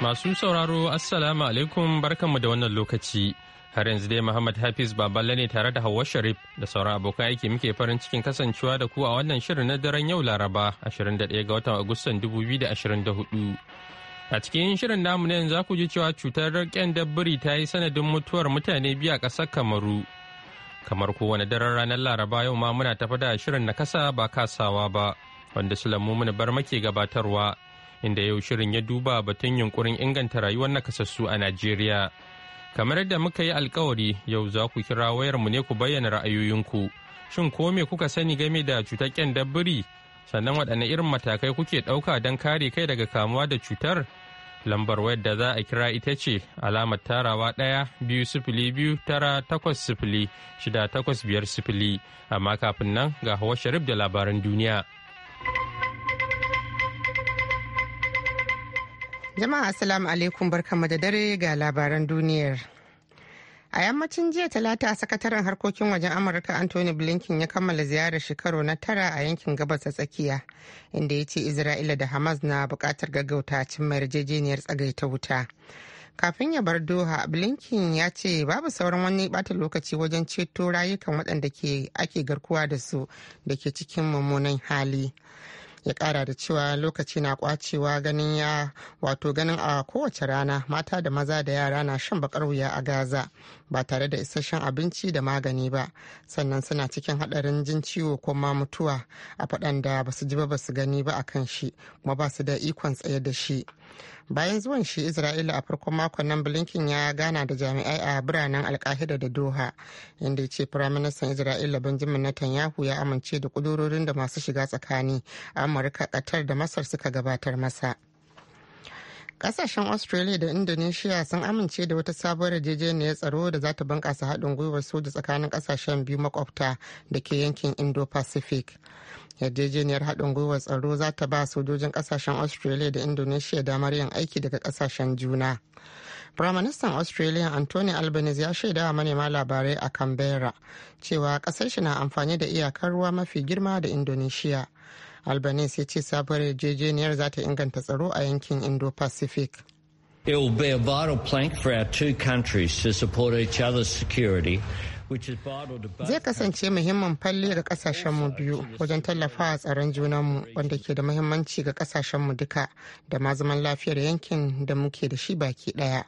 Masu sauraro Assalamu alaikum barkanmu da wannan lokaci. Har yanzu dai Muhammad Hafiz Baballe ne tare da Hauwa Sharif da sauran abokan aiki muke farin cikin kasancewa da ku a wannan shirin na daren yau Laraba 21 ga watan Agustan 2024. A cikin shirin namu ne yanzu ku ji cewa cutar raken dabbiri ta yi sanadin mutuwar mutane biya ƙasar Kamaru. Kamar kowane daren ranar Laraba yau ma muna tafi da shirin na kasa ba kasawa ba wanda Sulaimu bar make gabatarwa. inda yau shirin ya duba batun yunkurin inganta rayuwar nakasassu a Najeriya. Kamar yadda muka yi alkawari yau za ku kira wayarmu ne ku bayyana ra'ayoyinku. Shin ko me kuka sani game da cutar dabbiri? Sannan waɗanne irin matakai kuke ɗauka don kare kai daga kamuwa da cutar? Lambar wayar da za a kira ita ce alamar tarawa ɗaya biyu sifili biyu tara takwas sifili shida takwas biyar sifili. Amma kafin nan ga Hawa Sharif da labaran duniya. Jama'a Assalamu alaikum barkanmu da dare ga labaran duniyar. A yammacin jiya talata sakataren harkokin wajen Amurka Anthony Blinken ya kammala ziyarar shekaru na tara a yankin gabas ta tsakiya inda ya ce Isra'ila da Hamas na bukatar gaggauta cimma yarjejeniyar ta wuta. Kafin ya bar Doha, Blinken ya ce babu sauran wani bata lokaci wajen ceto rayukan waɗanda ake garkuwa da su da ke cikin mummunan hali. ya kara da cewa lokaci na kwacewa ganin ya wato ganin a kowace rana mata da maza da yara na shan bakar wuya a gaza ba tare da isasshen abinci da magani ba sannan suna cikin hadarin jin ciwo ko ma mutuwa a faɗan da ba su ji ba ba su gani ba a kan shi kuma ba su da ikon tsaye da shi bayan zuwan shi isra'ila a farkon makon nan blinken ya gana da jami'ai a biranen alkahida da doha inda ya ce firaministan isra'ila benjamin netanyahu ya amince da kudurorin da masu shiga tsakani amurka katar da masar suka gabatar masa Kasashen Australia da Indonesia sun amince da wata sabuwar yarjejeniyar tsaro da za ta bunƙasa haɗin gwiwar soja tsakanin kasashen biyu makwabta da ke yankin Indo-Pacific. yarjejeniyar haɗin gwiwar tsaro za ta ba sojojin ƙasashen australia da indonesia damar yin aiki daga ƙasashen juna firaministan australia anthony albanese ya shaida wa manema labarai a canberra cewa ƙasar shi na amfani da iyakar ruwa mafi girma da indonesia albanese ya ce sabuwar yarjejeniyar za ta inganta tsaro a yankin indo-pacific be a plank for our two countries to security Zai kasance muhimmin falle ga kasashenmu biyu wajen tallafa a tsaron junanmu wanda ke da muhimmanci ga kasashenmu duka da ma zaman lafiyar yankin da muke da shi baki daya.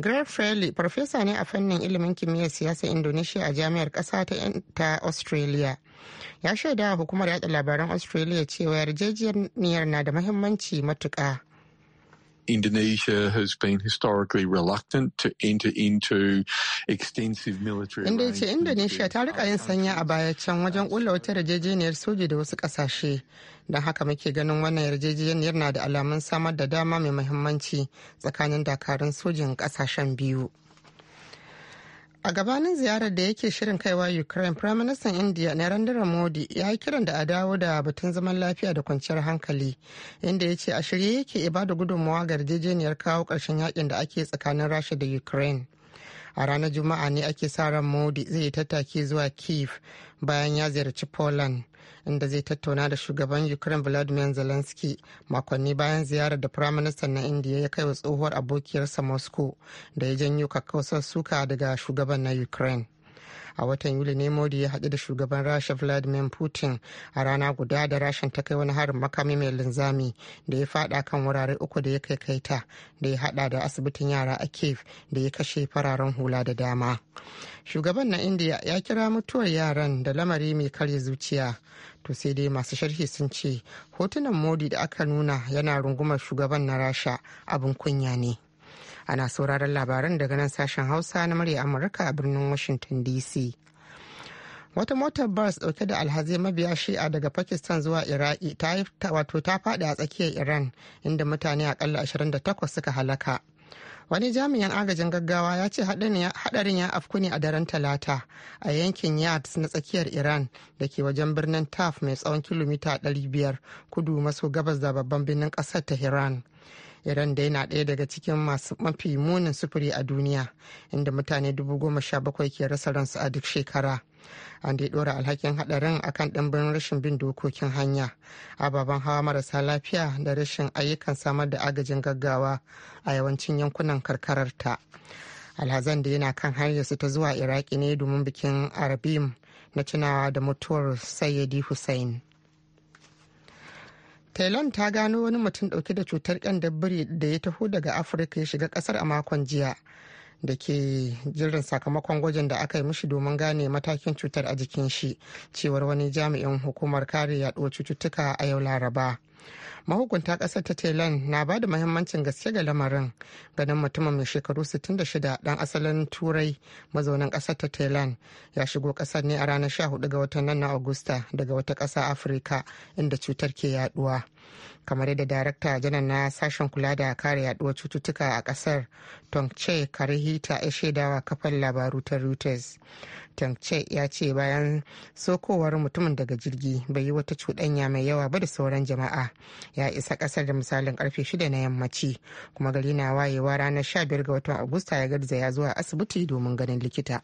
Greg Fraley, farfesa ne a fannin ilimin kimiyyar siyasa Indonesia a jami'ar kasa ta Australia. ya shaida hukumar yada labaran australia cewa yarjejeniyar na da mahimmanci matuƙa Indonesia has been historically reluctant to enter into extensive military Inda ce Indonesia ta rika yin sanya a baya can wajen kula wata yarjejeniyar soji da wasu kasashe. Don haka muke ganin wannan yarjejeniyar na da alamun samar da dama mai muhimmanci tsakanin dakarun sojin kasashen biyu. a gabanin ziyarar da yake shirin kaiwa ukraine firaministan india narendra modi ya yi kiran da a dawo da batun zaman lafiya da kwanciyar hankali inda ya ce a shirye yake ibada gudunmawa ga yarjejeniyar kawo karshen yakin da ake tsakanin rasha da ukraine a ranar juma'a ne ake sa ran modi zai yi tattaki zuwa kiev bayan ya ziyarci poland inda zai tattauna da shugaban ukraine vladimir zelensky makonni bayan ziyarar da firaministan na india ya kai wa tsohuwar abokiyarsa moscow da ya janyo kakkausar suka daga shugaban na ukraine a watan yuli ne modi ya haɗu da shugaban rasha vladimir putin a rana guda da rashin ta kai wani harin makami mai linzami da ya fada kan wurare uku da ya kai kaikaita da ya hada da asibitin yara a kiev da ya kashe fararen hula da dama shugaban na india ya kira mutuwar yaran da lamari mai karya zuciya to sai dai masu sharhi sun ce hotunan modi da aka nuna yana rungumar shugaban na rasha abin kunya ne ana sauraron labaran daga nan sashen hausa na murya amurka a birnin washington dc wata motar bus dauke da alhazai mabiya shi'a daga pakistan zuwa iraki ta wato ta faɗi a tsakiyar iran inda mutane akalla 28 suka halaka wani jami'in agajin gaggawa ya ce hadarin ya afku ne a daren talata a yankin yards na tsakiyar iran da ke wajen birnin taf mai tsawon kilomita 500 kudu maso gabas da babban birnin kasar tehran iran da yana ɗaya daga cikin masu mafi munin sufuri a duniya inda mutane dubu goma sha bakwai ke rasa ransu a duk shekara an dai ɗora alhakin haɗarin akan ɗimbin rashin bin dokokin hanya ababen hawa marasa lafiya da rashin ayyukan samar da agajin gaggawa a yawancin yankunan karkarar ta alhazan da yana kan su ta zuwa iraki ne domin bikin arabim na tunawa da mutuwar sayyidi hussein Thailand ta gano wani mutum dauke da cutar kyan biri da ya taho daga Afirka ya shiga kasar a makon jiya. da ke jirin sakamakon gwajin da aka yi mishi domin gane matakin cutar a jikin shi cewar wani jami'in hukumar kare yaɗuwar cututtuka a yau laraba mahukunta ƙasar ta thailand na ba da mahimmancin gaske ga lamarin ganin mutumin mai shekaru 66 ɗan asalin turai mazaunin ƙasar ta thailand ya shigo ƙasar ne a ranar 14 ga watan nan na agusta daga wata ƙasa afirka inda cutar ke yaduwa kamar yadda darakta janar na sashen kula da kare yaduwar cututtuka a kasar tongche karihita ya shaidawa kafar labaru ta reuters tongche ya ce bayan sokowar mutumin daga jirgi bai yi wata cuɗanya mai yawa ba da sauran jama'a ya isa kasar da misalin karfe 6 na yammaci kuma gari na wayewa ranar 15 ga watan agusta ya garzaya zuwa asibiti domin ganin likita.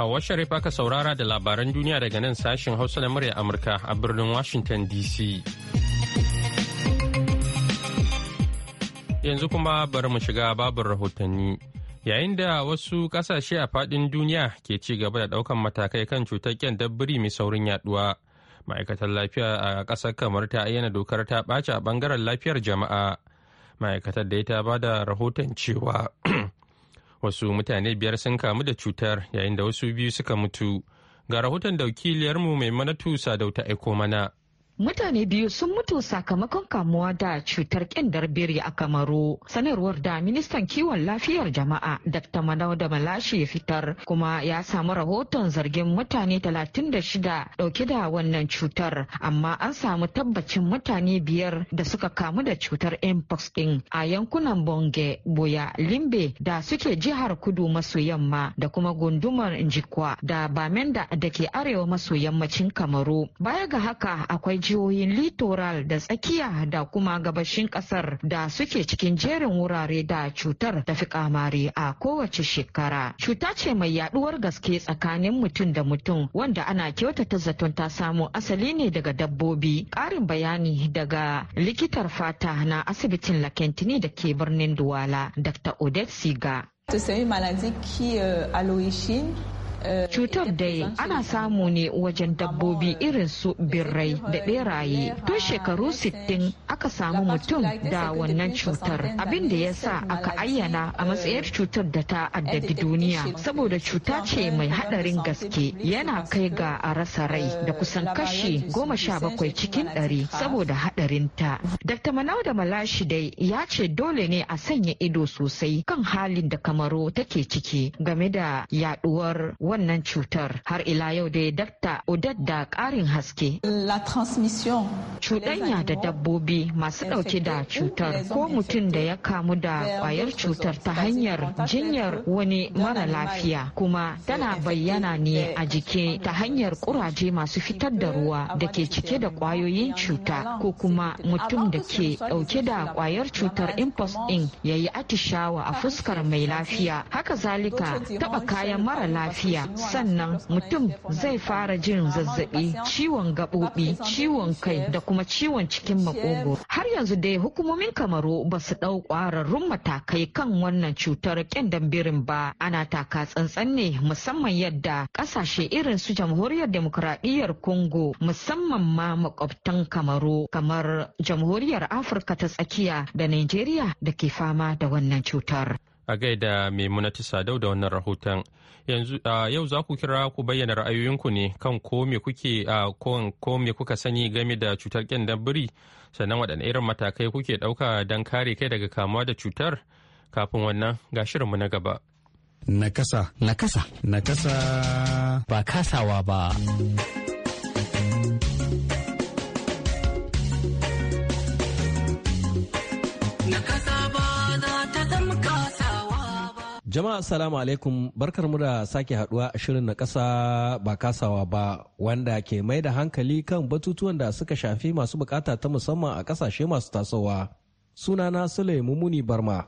Hawa Sharif aka saurara da labaran duniya daga nan sashen Hausa na murya Amurka a birnin Washington DC. Yanzu kuma bari mu shiga babin rahotanni. Yayin da wasu kasashe a faɗin duniya ke ci gaba da ɗaukan matakai kan cutar dabbiri mai saurin yaduwa. Ma'aikatar lafiya a ƙasar kamar ta ayyana dokar ta ɓaci a ɓangaren lafiyar jama'a. Ma'aikatar da ta ba da rahoton cewa wasu mutane biyar sun kamu da cutar yayin da wasu biyu suka mutu ga rahoton da wakiliyarmu mai manatu sadau ta aiko mana mutane biyu sun mutu sakamakon kamuwa da cutar kyandar biri a kamaru sanarwar da ministan kiwon lafiyar jama'a dr manau da malashi ya fitar kuma ya samu rahoton zargin mutane 36 dauke da wannan cutar amma an samu tabbacin mutane biyar da suka kamu da cutar mpox din a yankunan bonge boya limbe da suke jihar kudu maso yamma da kuma gundumar jikwa da bamenda da ke arewa maso yammacin kamaru baya ga haka akwai jihohin litoral da tsakiya da kuma gabashin kasar da suke cikin jerin wurare da cutar ta fi kamari a kowace shekara. Cuta ce mai yaduwar gaske tsakanin mutum da mutum wanda ana kyautata zaton ta samu asali ne daga dabbobi. Ƙarin bayani daga likitar fata na asibitin Lakentini da ke birnin Duwala, Dr. Odette Siga. Cutar dai ana samu ne wajen dabbobi irin su birrai da beraye. Tun shekaru 60 aka samu mutum da wannan cutar abin da ya sa aka ayyana a matsayar cutar da ta addabi duniya saboda cuta ce mai hadarin gaske yana kai ga a rasa rai da kusan kashi goma sha bakwai cikin ɗari saboda ta Dr. Manau da Malashi dai ya ce dole ne a sanya ido sosai kan halin da Kamaru take ciki game da yaɗuwar wannan cutar har ila yau da ya dakta odar da ƙarin haske cuɗanya da dabbobi masu ɗauke da cutar ko mutum da ya kamu da ƙwayar cutar ta hanyar jinyar wani mara lafiya kuma tana bayyana ne a jiki ta hanyar ƙuraje masu fitar da ruwa da ke cike da ƙwayoyin cuta ko kuma mutum da ke ɗauke da ƙwayar cutar impost ɗin ya yi atishawa a fuskar mai lafiya haka zalika taɓa kayan mara lafiya lafiya sannan mutum zai fara jin zazzabi ciwon gaɓoɓi ciwon kai da kuma ciwon cikin makogo har yanzu dai hukumomin kamaru ba su ɗau ƙwararrun matakai kan wannan cutar ƙyandan birin ba ana taka tsantsan ne musamman yadda ƙasashe irin su jamhuriyar demokuraɗiyyar congo musamman ma makwabtan kamaru kamar jamhuriyar afirka ta tsakiya da nigeria da ke fama da wannan cutar a gaida munati sadau da wannan rahoton yanzu a yau za ku kira ku bayyana ra'ayoyinku ne kan ko me kuke ko me kuka sani game da cutar kyandan biri sannan waɗanne irin matakai kuke ɗauka don kare kai daga kamuwa da cutar kafin wannan ga shirinmu na gaba nakasa nakasa nakasa ba kasawa ba Jama'a assalamu alaikum barkar mu da sake haduwa a shirin na kasa ba kasawa ba wanda ke mai da hankali kan batutuwan da suka shafi masu bukata ta musamman a kasashe masu tasowa. Sunana suleimu muni Barma.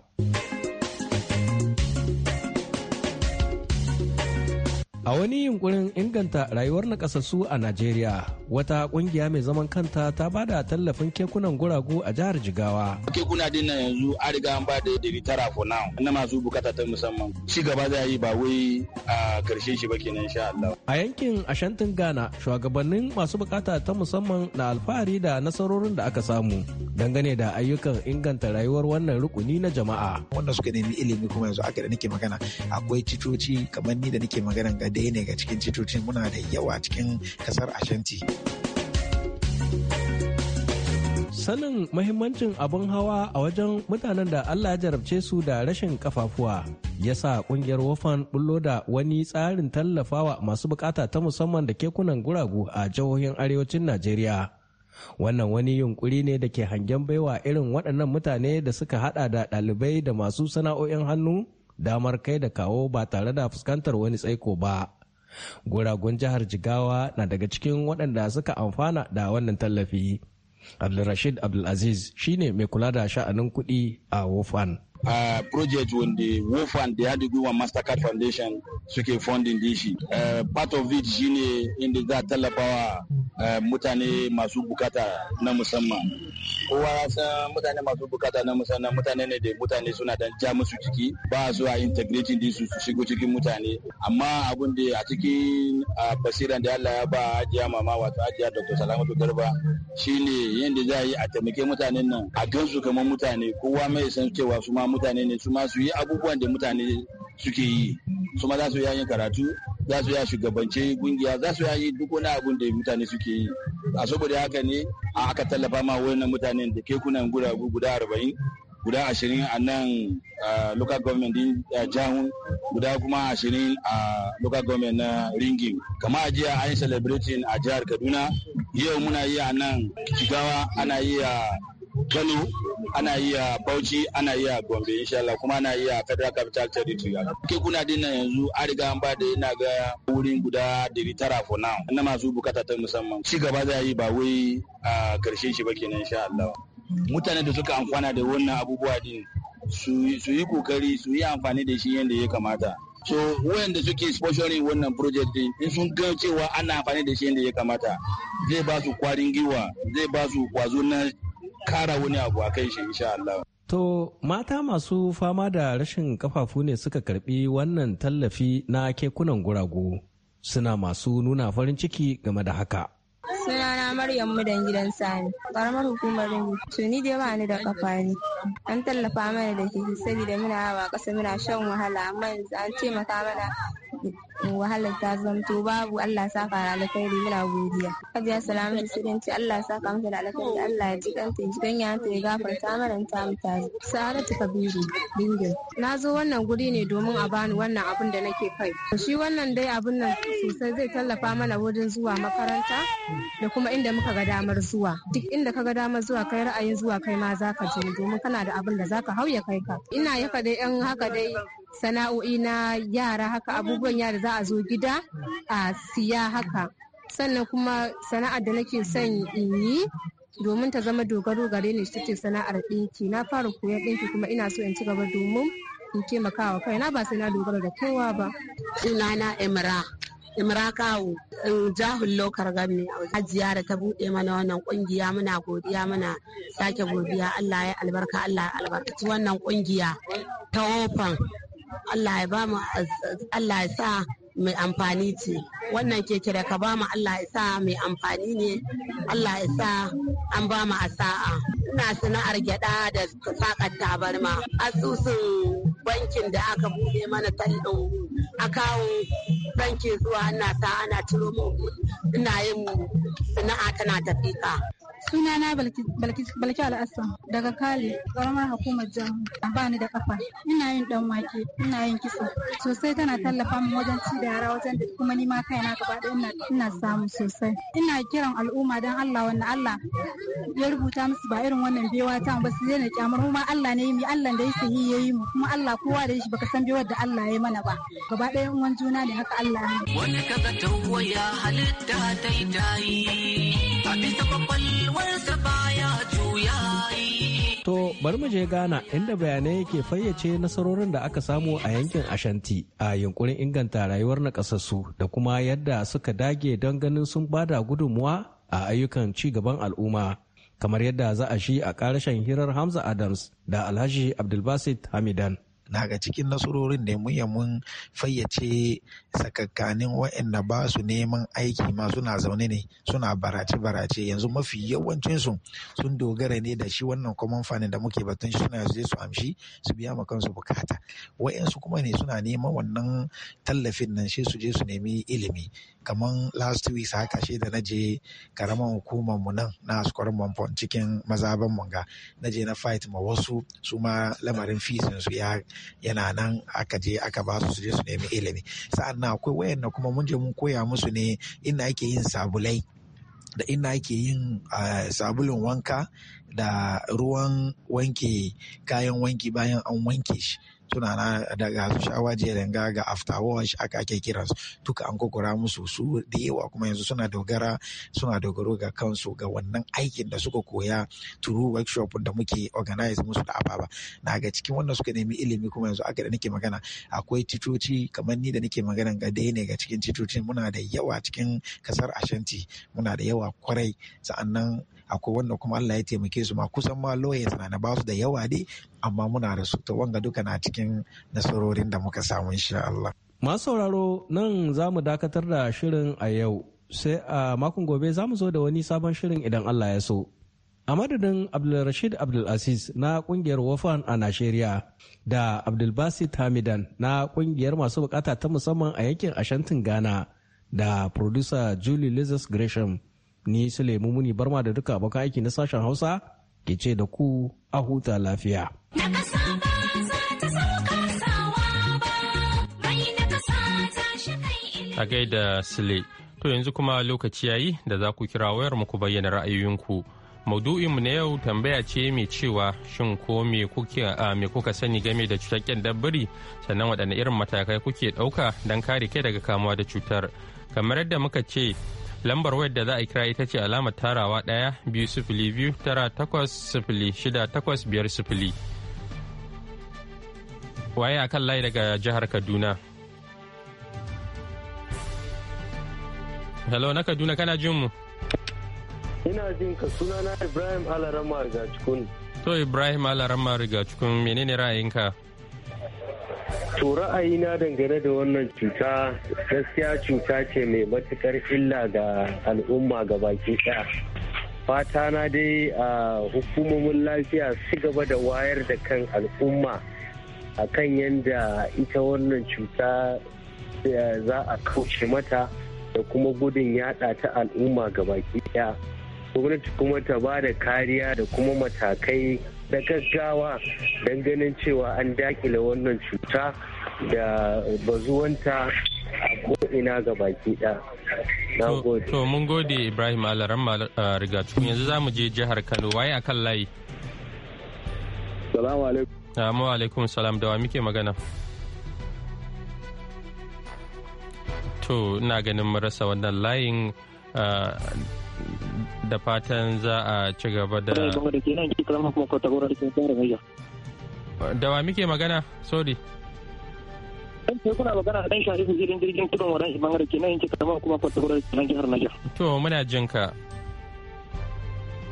A wani yunkurin inganta rayuwar nakasassu a Najeriya, wata kungiya mai zaman kanta ta ba da tallafin kekunan guragu a jihar Jigawa. Kekuna din nan yanzu an riga an ba da dari tara for now na masu bukata ta musamman. Ci gaba za yi ba wai a karshe shi ba kenan insha Allah. A yankin Ashantin Ghana, shugabannin masu bukata ta musamman na alfahari da nasarorin da aka samu dangane da ayyukan inganta rayuwar wannan rukuni na jama'a. Wanda suka nemi ilimi kuma yanzu aka da nake magana akwai citoci kamar ni da nake magana ɗaya ne ga cikin muna da yawa cikin kasar ashanti sanin mahimmancin abin hawa a wajen mutanen da Allah ya jarabce su da rashin kafafuwa ya sa kungiyar wofan bullo da wani tsarin tallafawa masu bukata ta musamman da kekunan guragu a jihohin arewacin Najeriya. Wannan wani yunkuri ne da ke hangen baiwa irin waɗannan mutane da suka hada da ɗalibai da masu sana'o'in hannu damar kai da kawo ba tare da fuskantar wani tsaiko ba guragun jihar jigawa na daga cikin waɗanda suka amfana da wannan tallafi abdulrashid abdulaziz shine mai kula da sha'anin kuɗi a wofan a uh, project wanda wofan da ya dubi gwiwa mastercard foundation suke funding din shi uh, part of it shi ne inda za a tallafawa uh, mutane masu bukata na musamman kowa ya san mutane masu bukata na musamman mutane ne da mutane suna da ja musu ciki ba su a integrating din su shigo cikin mutane amma abin da a cikin uh, basiran da Allah ya ba ajiya mama wato ajiya Dr. Salamatu Garba shi ne yadda za a yi a taimake mutanen nan a gansu kamar mutane kowa mai san cewa su ma mutane ne su ma su yi abubuwan da mutane suke yi su ma za su yayin karatu za su ya shugabance kungiya za su yayi duk wani abun da mutane suke yi a saboda haka ne a aka tallafa ma wannan mutanen da kekunan guragu guda arba'in guda ashirin a nan local government din jahun guda kuma ashirin a local government na ringin kama a jiya an yi celebrating a jihar kaduna yau muna yi a nan jigawa ana yi a kano ana a Bauchi ana iya Gombe insha Allah kuma ana a Federal Capital Territory. Ke kuna dinna yanzu an riga an da ina ga wurin guda dari tara for now. Na masu bukata ta musamman. Ci gaba za yi ba wai a karshen shi ba kenan insha Allah. Mutane da suka amfana da wannan abubuwa din su yi kokari su yi amfani da shi yadda ya kamata. so wayanda suke sponsoring wannan project din in sun ga cewa ana amfani da shi yadda ya kamata zai ba su kwarin giwa zai ba su kwazo na kara wani abu a kan shi insha Allah. To mata masu fama da rashin kafafu ne suka karbi wannan tallafi na kekunan gurago suna masu nuna farin ciki game da haka. suna na Maryam Mudan gidan Sani, ƙaramar hukumar Rinji. Tuni dai ba ni da kafa ne. An tallafa mana da sabida saboda muna hawa ƙasa muna shan wahala amma yanzu an taimaka mana wahalar ta zamto babu Allah saka da alkhairi muna godiya hajiya salamatu sirinci Allah saka mata da alkhairi Allah ya ji kanta ji ganya ta ya gafarta mara ta mata saratu kabiru dingin na zo wannan guri ne domin a bani wannan abun da nake kai shi wannan dai abun nan sosai zai tallafa mana wajen zuwa makaranta da kuma inda muka ga damar zuwa duk inda ka ga damar zuwa kai ra'ayin zuwa kai ma zaka je domin kana da abin da zaka hauya kai ka ina yaka dai yan haka dai sana'o'i na yara haka abubuwan yara za a zo gida a siya haka sannan kuma sana'ar da nake son in yi domin ta zama dogaro gare ni ita ce sana'ar ɗinki na fara koyar ɗinki kuma ina so in ci gaba domin in taimakawa kaina ba sai na dogara da kowa ba na imra Imra Kawo in jahun lokar gami a da ta buɗe mana wannan kungiya muna godiya muna sake godiya Allah ya albarka Allah ya albarka wannan ƙungiya ta ofan. Allah ya ba mu Allah ya sa mai amfani ce wannan keke da ka ba mu Allah ya sa mai amfani ne Allah ya sa an ba mu asa'a ina sana'ar gyada da sakar tabarma asusun bankin da aka bude mana tallin akawun bankin zuwa ana ta ana ciro ina yin sana'a tana tafi ka Sunana Balki al'asa daga Kale, ƙaramar hukumar Jamu. Ba ni da kafa. Ina yin dan wake, ina yin kisa. Sosai tana tallafa min wajen ci da yara wajen da kuma ni kaina gaba ɗaya ina samu sosai. Ina kiran al'umma dan Allah wanda Allah ya rubuta musu ba irin wannan bewa ta ba su daina kyamar mu ma Allah ne mu Allah da yake yi yayi mu kuma Allah kowa da shi baka san bewar da Allah ya yi mana ba. Gaba ɗaya uwan juna ne haka Allah ya. wani kaza tawaya halitta ta yi tayi. A bisa babban rayuwarsa baya yi. To bari mu je Ghana inda bayanai yake fayyace nasarorin da aka samu a yankin Ashanti a yunkurin inganta rayuwar nakasassu da kuma yadda suka dage don ganin sun bada gudunmuwa a ayyukan ci gaban al'umma. kamar yadda za a shi a ƙarashen hirar Hamza Adams da Alhaji Abdulbasit Hamidan. daga cikin nasarorin da mun mun fayyace sakakkanin waɗanda ba su neman aiki ma suna zaune ne suna barace-barace yanzu mafi yawancinsu sun dogara ne da shi wannan common fund da muke batun shi suna yanzu su amshi su biya ma kansu bukata waɗansu kuma ne suna neman wannan tallafin nan shi su je su nemi ilimi kamar last week haka shi da naje karaman hukumar mu nan na square cikin mazaban manga naje na fight ma wasu su ma lamarin fisin su ya yana nan aka je aka ba su suje je su nemi ilimi sa'an nan akwai wayanda kuma mun je mun koya musu ne inda ake yin sabulai da inda ake yin eh, sabulun wanka da ruwan wanke kayan wanki bayan an wanke shi suna na daga shawa jeren ga after wash aka ake kiransu duka an kokura musu su da yawa kuma yanzu suna dogara suna dogaro ga kansu ga wannan aikin da suka koya turu workshop da muke organize musu da ababa na ga cikin wannan suka nemi ilimi kuma yanzu aka da nake magana akwai titoci kamar ni da nake magana ga daya ne ga cikin titocin muna da yawa cikin kasar ashanti muna da yawa kwarai sa'annan akwai wanda kuma Allah ya taimake su ma kusan ma lawyers na ba su da yawa ne amma muna da su to wanga duka na cikin nasarorin da muka samu insha Allah masu sauraro nan za mu dakatar da shirin a yau sai a makon gobe za mu zo da wani sabon shirin idan Allah ya so a madadin abdulrashid abdulaziz na kungiyar wafan a najeriya da abdulbasit hamidan na kungiyar masu bukata ta musamman a yankin ashantin ghana da producer julie lizas gresham ni Sulaimu Muni Barma da duka abokan aiki na sashen Hausa ke ce da ku a huta lafiya. A gaida Sule, to yanzu kuma lokaci yayi da za ku kira wayar ku bayyana ra'ayoyinku. mu na yau tambaya ce mai cewa shin ko me kuka sani game da cutar dabbari sannan waɗanne irin matakai kuke ɗauka don kare kai daga kamuwa da cutar. Kamar yadda muka ce lambar wayar da za a kira ita ce alamar tarawa ɗaya biyu sifili biyu tara takwas sifili shida takwas biyar sifili waye a kan layi daga jihar kaduna hello na kaduna kana jin mu ina jin ka sunana ibrahim alarama rigacikun to ibrahim alarama rigacikun menene ra'ayinka To ra'ayina dangane da wannan cuta gaskiya cuta ce mai matukar illa ga al'umma ga baki ɗaya. Fata na dai a hukumomin lafiya su gaba da wayar da kan al'umma a kan yadda ita wannan cuta eh, za a kauce mata da kuma gudun yada ta al'umma ga baki ɗaya. Gwamnati kuma ta ba da kariya da kuma matakai da gaggawa don ganin cewa an dakile wannan cuta da bazuwanta a ko'ina ga baki ɗaya. To mun gode Ibrahim Alaram Rigatu yanzu za mu je jihar Kano waye akan layi. Salamu alaikum. Salamu ah, alaikum salam da wa muke magana. To ina ganin marasa rasa wannan layin ah, da fatan za a ci gaba da zama kuma kwatagoranci sun da da wa muke magana sorry dan sai kuna magana dan sharifin filin jirgin kudin wa shi bangare ke nan yake kama kuma kwatagoranci nan jihar Niger to muna jin ka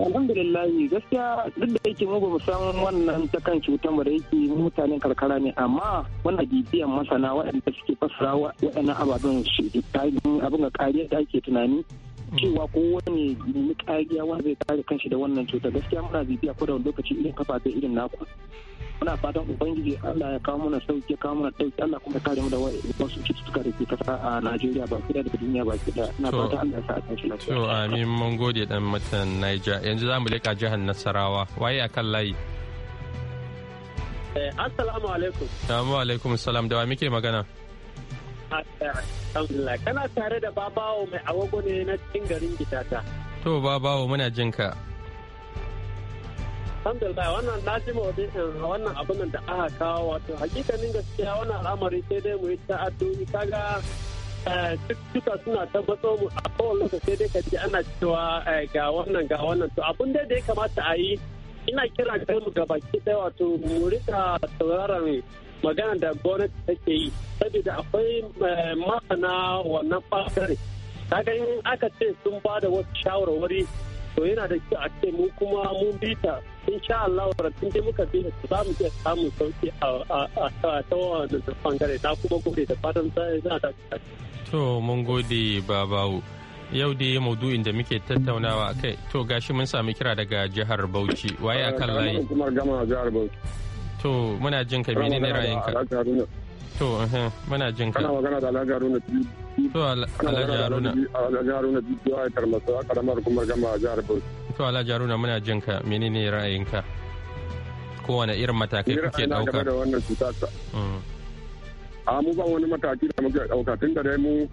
alhamdulillah gaskiya duk da yake mu ba mu san wannan ta kan cutar mu da yake mutanen karkara ne amma wannan bibiyan masana waɗanda suke fasara waɗannan ababen shi ta abin ga kariyar da ake tunani cewa ko wani nemi kariya wanda zai kare kanshi da wannan cuta gaskiya muna bibiya ko da wani lokaci irin kafa kafafe irin naku muna fatan ubangiji Allah ya kawo mana sauki kawo mana ɗauki Allah kuma kare mu da wasu cututtuka da ke kasa a Najeriya ba da daga duniya ba ki da ina fatan Allah ya sa kanshi lafiya to amin mun gode dan matan Niger yanzu zamu leka jihar Nasarawa waye akan layi eh, Assalamu alaikum. Assalamu alaikum salam da wa muke magana? Alhamdulillah kana tare da babawo mai awago ne na cikin garin gidata. To babawo muna jin ka. Alhamdulillah wannan eh, wannan abin da aka kawo wato hakikanin gaskiya wannan al'amari sai dai mu yi addu'i kaga eh, duka suna tabbatar mu a kowane lokaci dai ji ana cewa eh, ga wannan ga wannan to abin da ya kamata a yi ina kira ga mu gabaki wato mu rika tauraron magana da gwamnati take yi saboda akwai eh, masana wannan bangare kaga in aka ce sun ba da wasu shawarwari to yana da kyau a ce mu kuma mun bi ta in sha Allah tun dai muka bi ta za mu iya samun sauki a ta da bangare na kuma gode da fatan za ta to mun gode babawo yau dai maudu'in da muke tattaunawa kai to gashi mun sami kira daga jihar Bauchi waye akan layi jihar Bauchi To muna jin ka menene ra'ayinka? To eh, muna jin ka. Kana magana da Alhaji Haruna To Alhaji Haruna. Alhaji Haruna biyu Bibiyo a Karmasa a karamar kuma gama a jihar Bauchi. To Alhaji Haruna muna jin ka menene ra'ayinka? Kowane irin matakai kuke ɗauka? Ni ra'ayina game da wannan cuta ta. Mm. A mu ba wani mataki da muke ɗauka tun da dai mu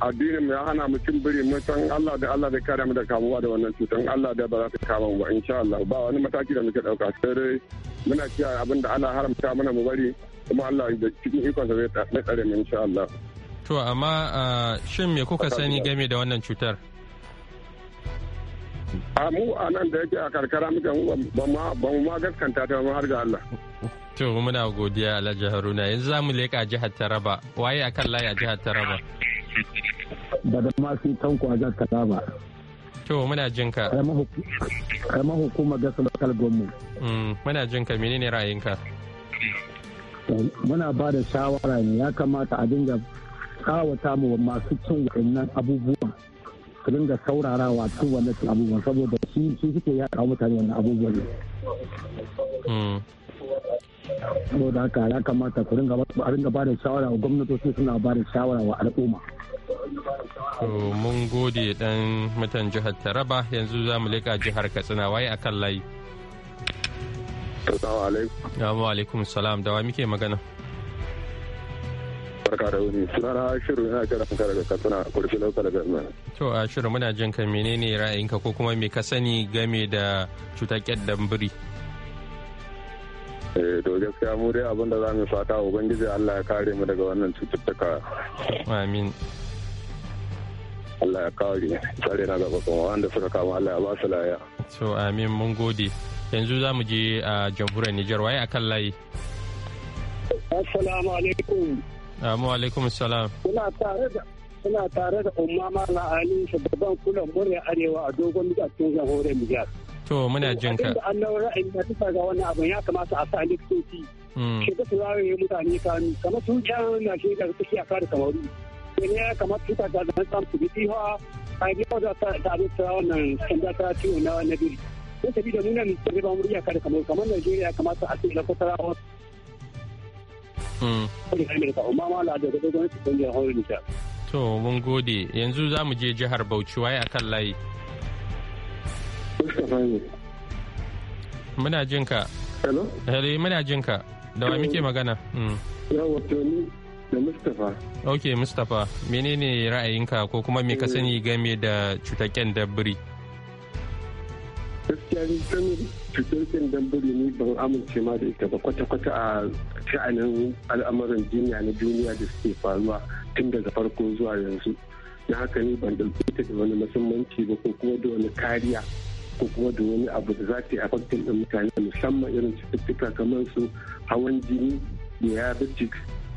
addinin ya hana mu cin biri mun san Allah da Allah da kare mu da kamuwa da wannan cutan Allah da ba za ta kama mu ba insha Allah ba wani mataki da muke dauka sai dai muna cewa abin da Allah haramta mana mu bari kuma Allah da cikin ikon sa zai tsare mu insha Allah to amma shin me kuka sani game da wannan cutar a mu a nan da yake a karkara muke ba mu ma gaskanta ta har ga Allah to muna godiya Alhaji Haruna yanzu za mu leka jihar Taraba waye akan layi a jihar Taraba da da masu tanko a jan kaza ba. To muna jin ka. Kai Karamar hukumar gasa lokal government. Mm, muna jin ka menene ra'ayinka? Muna ba da shawara ne ya kamata a dinga kawata mu masu cin wa'annan abubuwa su dinga saurarawa cin wannan abubuwan saboda shi suke yaɗa mutane wannan abubuwan. Mm. saboda haka ya kamata ku ringa ba da shawara wa gwamnatoci suna ba da shawara wa al'umma mun gode dan mutan jihar taraba yanzu za mu leƙa jihar katsina waye akan layi Assalamu alaikum. alaikum salam da wa muke magana. Barka da wuni sunana Ashiru yana kira kanka daga Katsina kurfi lokal government. To Ashiru muna jin ka menene ra'ayinka ko kuma me ka sani game da cutar kyaddan biri? Eh, to gaskiya mu dai abin da za mu fata ubangiji Allah ya kare mu daga wannan cututtuka amin Allah ya kare tsare na gaba kuma wanda suka kama Allah ya ba su laya to amin mun gode yanzu za mu je a jamhuriyar Niger waye akan layi assalamu alaikum Amu alaikum salam kuna tare da kuna tare da umma mala ali shugaban kula murya arewa a dogon lokacin jamhuriyar Nijar To muna jin ka. ra'ayi na tufa ga wannan abin ya kamata a sa likitoci. Ke hmm. ta turare mutane kamar sun kyan na shi da suke a kare kamaru. Sai ya kamata tufa ta zan san su bi ha a yi da ta ta wannan sanda ta ciwo na biri. Sai da nuna ta kare kamaru kamar Najeriya kamata a ce wasu. Hmm. To mun gode yanzu za mu je jihar Bauchi waye kan layi. Muna jin ka. Hello? Eh, muna jin ka. Da wa muke magana? Mm. Ya wato ni da Mustapha. Ok, Mustapha. Menene ra'ayinka ko kuma me ka eh. sani game da cutakken dabbiri? Gaskiya ni sani cutar dabbiri ni ban amince ma da ita ba kwata-kwata a sha'anin al'amuran jinya na duniya da suke faruwa tun daga farko zuwa yanzu. Na haka ne ban ɗauke ta da wani musammanci ba ko kuma da wani kariya ko kuma da wani abu da za ta yi affecting din mutane musamman irin cututtuka kamar su hawan jini diabetic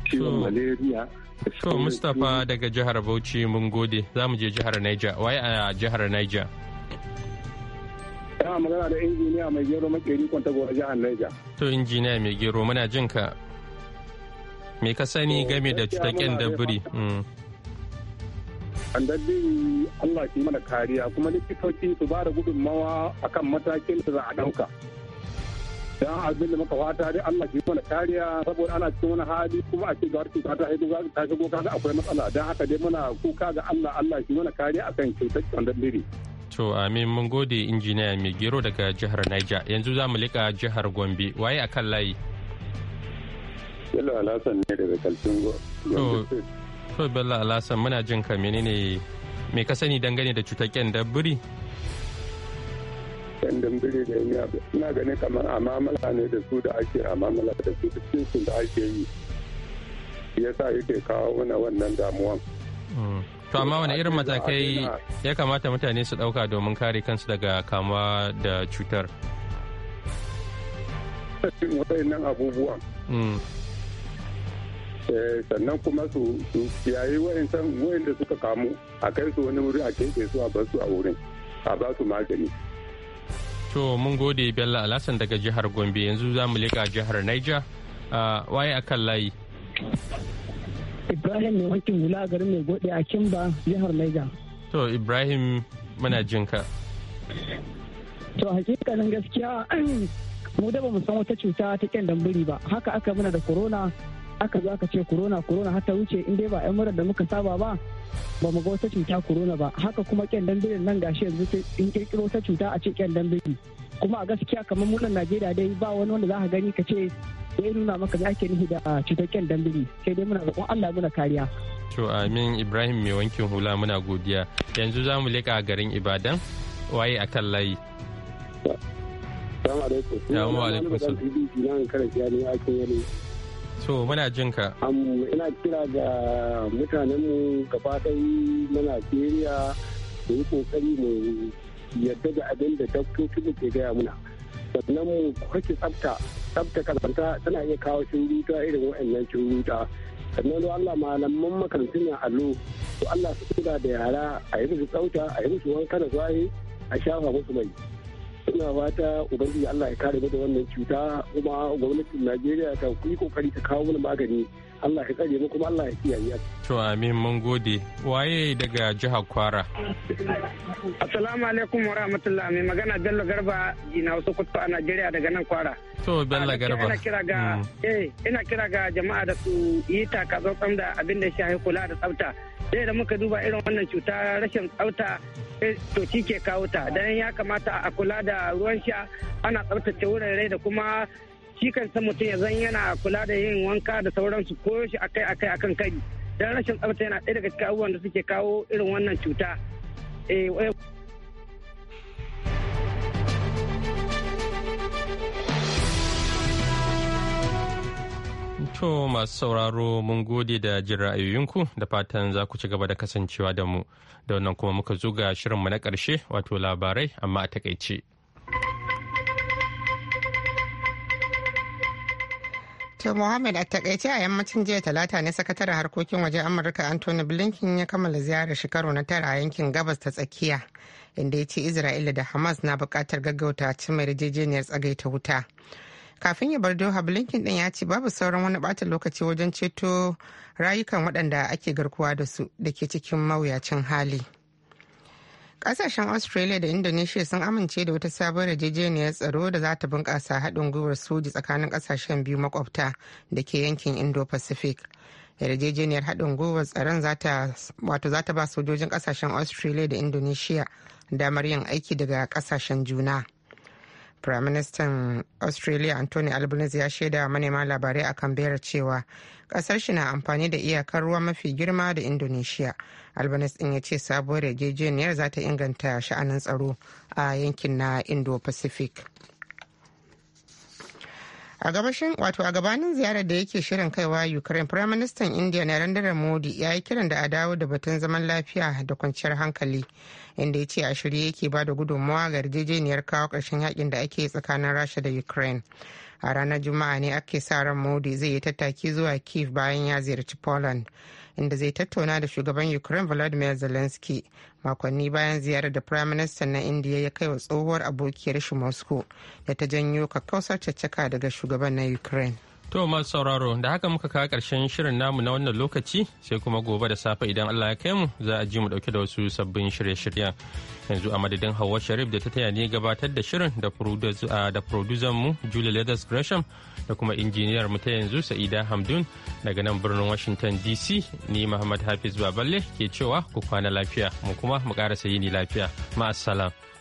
ciwon malaria To Mustapha daga jihar Bauchi mun gode za mu je jihar Niger waye a jihar Niger Yana magana da injiniya mai gero makeri kwanta gora jihar Niger To injiniya mai gero muna jin ka me ka sani game da cutar kyan dabbiri Andabi Allah shi mana kariya kuma likitoci su ba da gudunmawa akan matakin da za a ɗauka. Don abin da muka fata dai Allah shi mana kariya saboda ana cikin wani hali kuma a ce ga cuta ta haihu ta shigo kaga akwai matsala don haka dai muna kuka ga Allah Allah shi mana kariya kan cutar Andabi. To amin mun gode injiniya mai gero daga jihar Niger yanzu za mu liƙa jihar Gombe waye akan layi. Yalo Alhassan ne daga Kaltungo. To Bello Alasan muna jin ka menene me ka sani dangane da cutar kyandan biri? Kyandan biri da na gani kamar a mamala ne da su da ake a mamala da su da cikin da ake yi. Ya sa yake kawo mana wannan damuwan. Mm. To amma wani irin matakai ya kamata mutane su ɗauka domin kare kansu daga kamuwa da cutar? Waɗannan abubuwan. Mm. Eh, sannan kuma su yayi wa'insan wa'inda suka kamu a kai su wani wuri a keɓe su a basu a wurin a ba su magani. To mun gode Bello alasan daga jihar Gombe yanzu za mu leƙa jihar Niger ah, waye a kan layi. Ibrahim mai wankin wula a garin mai gode a Kimba jihar Niger. To Ibrahim muna jinka. To hakikanin gaskiya mu da ba mu san wata cuta ta kyan dambiri ba haka aka muna da corona aka zo aka ce corona corona har ta wuce in dai ba yan mura da muka saba ba ba mu ga wata cuta corona ba haka kuma kyandan birin nan gashi yanzu in kirkiro wata cuta a ce kyandan biri kuma a gaskiya kamar munan Najeriya dai ba wani wanda za ka gani ka ce ya nuna maka me ake nufi da cutar kyandan biri sai dai muna roƙon Allah muna kariya to amin Ibrahim mai wankin hula muna godiya yanzu za mu leka garin Ibadan waye a akan layi Assalamu alaikum. Assalamu alaikum. So muna jin ka. ina kira ga mutanenmu gaba ɗai na Najeriya da yi ƙoƙari mu yadda da abin da daktoci ke gaya muna. Sannan mu kwace tsafta, tsafta karanta tana iya kawo ruta irin waɗannan ruta. Sannan Allah malaman makarantun ya allo, to Allah su da yara a yi musu tsafta, a yi musu wanka da zuwa a shafa musu mai. ina fata ubangiji Allah ya kare mu da wannan cuta kuma gwamnatin Najeriya ta ku yi kokari ta kawo mana magani Allah ya tsare mu kuma Allah ya kiyaye to amin mun gode waye daga jihar Kwara Assalamu alaikum wa rahmatullahi mai magana Bello Garba ina Sokoto a Najeriya daga nan Kwara to Bello ah, Garba ina kira ga mm. eh ina kira ga jama'a da su yi taka tsantsan da abin da ya kula da tsafta sai da muka duba irin wannan cuta rashin tsafta to shi ke kawo ta dan ya kamata a kula da ruwan sha ana tsabtace wurare da kuma shi kan san mutum ya zan yana kula da yin wanka da sauransu ko shi akai akai akan kari dan rashin tsabta yana ɗaya daga cikin abubuwan da suke kawo irin wannan cuta. Eh, To masu sauraro mun gode da jin ra'ayoyinku da fatan za ku ci gaba da kasancewa da mu. Da wannan kuma muka zo ga shirinmu na ƙarshe wato labarai amma a takaice. To Mohammed a takaice a yammacin jiya talata ne sakataren harkokin waje Amurka Anthony Blinken ya kammala ziyarar shekaru na tara a yankin gabas ta tsakiya inda ya ce Isra'ila da Hamas na bukatar gaggauta cimma yarjejeniyar tsagaita wuta. kafin ya bar doha blinken din ya ce babu sauran wani bata lokaci wajen ceto rayukan waɗanda ake garkuwa da su da ke cikin mawuyacin hali ƙasashen australia da indonesia sun amince da wata sabon yarjejeniyar tsaro da za ta bunƙasa haɗin gwiwar soji tsakanin ƙasashen biyu makwabta da ke yankin indo-pacific yarjejeniyar haɗin gwiwar tsaron wato za ta ba sojojin ƙasashen australia da indonesia damar yin aiki daga ƙasashen juna Firaministan Australia Anthony Albanese ya shaida manema labarai a Canberra cewa kasar shi na amfani da iyakar ruwa mafi girma da Indonesia. Albanese din ya ce sabuwar yarjejeniyar za ta inganta sha'anin tsaro a yankin na Indo-Pacific. a gabashin wato a gabanin ziyarar da yake shirin kaiwa ukraine prime minister india narendra modi ya yi kiran da a dawo da batun zaman lafiya da kwanciyar hankali inda ya ce a shirye yake ba da gudunmawa ga yarjejeniyar kawo ƙarshen yakin da ake tsakanin rasha da ukraine a ranar juma'a ne ake sa ran modi zai yi tattaki zuwa kiev bayan ya ziyarci poland inda zai tattauna da shugaban ukraine volodymyr zelensky makonni bayan ziyarar da prime minister na india ya kai wa tsohuwar abokiyar shi moscow da ta janyo kakkausar caccaka daga shugaban na ukraine To masu sauraro da haka muka kawo ƙarshen shirin namu na wannan lokaci sai kuma gobe da safe idan Allah ya kai mu za a ji mu dauke da wasu sabbin shirye-shiryen. Yanzu a madadin Hauwa Sharif da ta taya ne gabatar da shirin da producer mu Julie Leathers Gresham da kuma injiniyar mu ta yanzu Sa'ida Hamdun daga nan birnin Washington DC ni Muhammad Hafiz Baballe ke cewa ku kwana lafiya mu kuma mu ƙara yini lafiya. Ma'assalam.